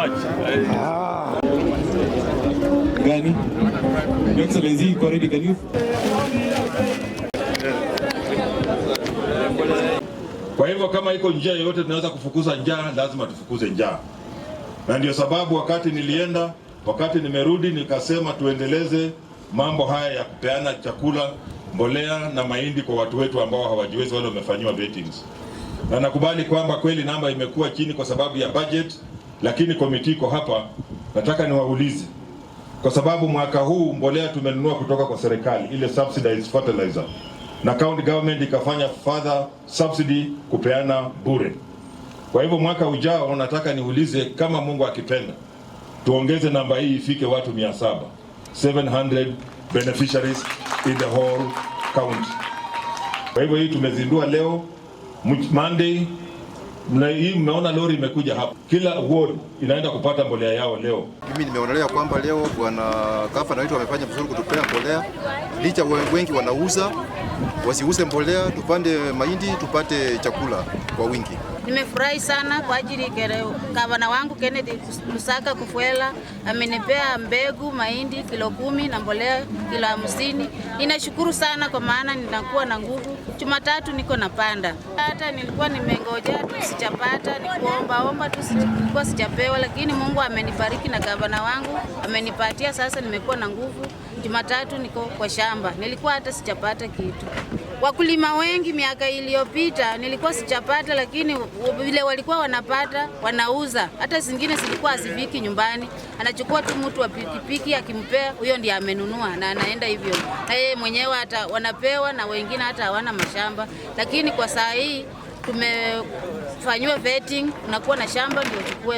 Ah. Gani? Excellency kwa can you? Kwa hivyo kama iko njia yoyote tunaweza kufukuza njaa, lazima tufukuze njaa, na ndio sababu wakati nilienda, wakati nimerudi, nikasema tuendeleze mambo haya ya kupeana chakula, mbolea na mahindi kwa watu wetu ambao hawajiwezi, wale wamefanyiwa vetting. Na nakubali kwamba kweli namba imekuwa chini kwa sababu ya budget lakini komiti iko hapa. Nataka niwaulize kwa sababu mwaka huu mbolea tumenunua kutoka kwa serikali ile subsidized fertilizer, na county government ikafanya further subsidy kupeana bure. Kwa hivyo mwaka ujao nataka niulize kama Mungu akipenda tuongeze namba hii ifike watu 700, 700 beneficiaries in the whole county. Kwa hivyo hii tumezindua leo Monday Mna hii mmeona lori imekuja hapa, kila ward inaenda kupata mbolea yao leo. Mimi nimeonelea kwamba leo bwana gavana wetu wamefanya vizuri kutupea mbolea, licha wengi wanauza wasiuze mbolea, tupande mahindi tupate chakula kwa wingi. Nimefurahi sana kwa ajili gavana wangu Kennedy Lusaka Kufuela amenipea mbegu mahindi kilo kumi na mbolea kilo hamsini. Ninashukuru sana kwa maana ninakuwa na nguvu. Jumatatu niko na panda hata nilikuwa nimengojea tu sichapata, nikuombaomba tu nilikuwa sijapewa, lakini Mungu amenibariki na gavana wangu amenipatia, sasa nimekuwa na nguvu. Jumatatu niko kwa shamba, nilikuwa hata sijapata kitu. Wakulima wengi miaka iliyopita nilikuwa sijapata, lakini vile walikuwa wanapata wanauza, hata zingine zilikuwa hazifiki nyumbani. Anachukua tu mtu wa pikipiki, akimpea huyo ndiye amenunua na anaenda hivyo, na yeye mwenyewe hata wanapewa, na wengine hata hawana mashamba. Lakini kwa saa hii tumefanyiwa vetting, unakuwa na shamba ndio chukue